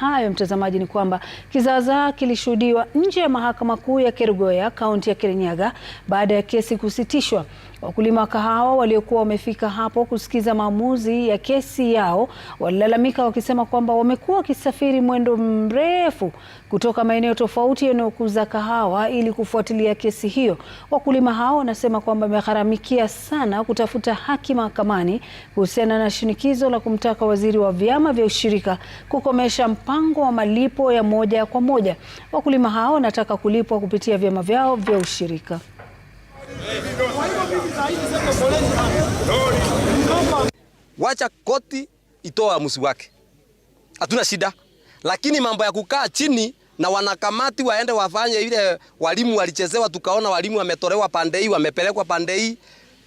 hayo, mtazamaji, ni kwamba kizaazaa kilishuhudiwa nje ya mahakama kuu ya Kerugoya, kaunti ya Kirinyaga baada ya kesi kusitishwa. Wakulima wa kahawa waliokuwa wamefika hapo kusikiza maamuzi ya kesi yao walilalamika wakisema kwamba wamekuwa wakisafiri mwendo mrefu kutoka maeneo tofauti yanayokuza kahawa ili kufuatilia kesi hiyo. Wakulima hao wanasema kwamba wamegharamikia sana kutafuta haki mahakamani kuhusiana na shinikizo la kumtaka waziri wa vyama vya ushirika kukomesha mpango wa malipo ya moja kwa moja. Wakulima hao wanataka kulipwa kupitia vyama vyao vya ushirika. Wacha koti itoa amusi wake, hatuna shida, lakini mambo ya kukaa chini na wanakamati waende wafanye ile walimu walichezewa, tukaona walimu wametolewa pande hii, wamepelekwa pande hii.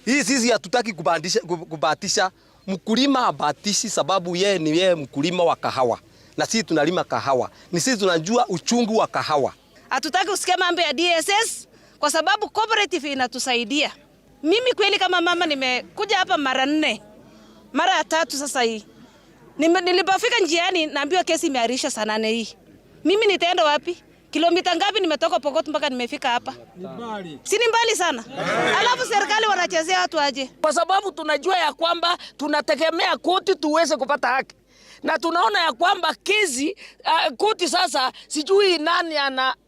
Hii sisi hatutaki kubahatisha, kubatisha. Mkulima abatishi sababu yeye ni yeye mkulima wa kahawa na sisi tunalima kahawa, ni sisi tunajua uchungu wa kahawa. Hatutaki usikia mambo ya DSS kwa sababu cooperative inatusaidia. Mimi kweli kama mama nimekuja hapa mara nne, mara ya tatu sasa hii. Nilipofika njiani naambiwa kesi imeharisha sana nane hii. Mimi nitaenda wapi? Kilomita ngapi nimetoka Pokot mpaka nimefika hapa? Si ni mbali sana. Alafu serikali wanachezea watu aje? Kwa sababu tunajua ya kwamba tunategemea koti tuweze kupata haki na tunaona ya kwamba kesi uh, eh, kuti sasa sijui nani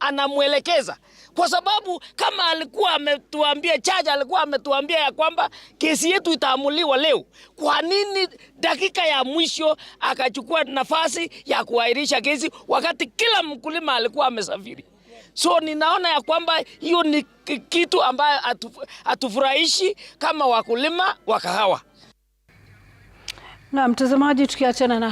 anamwelekeza kwa sababu kama alikuwa ametuambia chaja, alikuwa ametuambia ya kwamba kesi yetu itaamuliwa leo, kwa nini dakika ya mwisho akachukua nafasi ya kuahirisha kesi wakati kila mkulima alikuwa amesafiri? So ninaona ya kwamba hiyo ni kitu ambayo hatufurahishi kama wakulima wa kahawa na mtazamaji, tukiachana na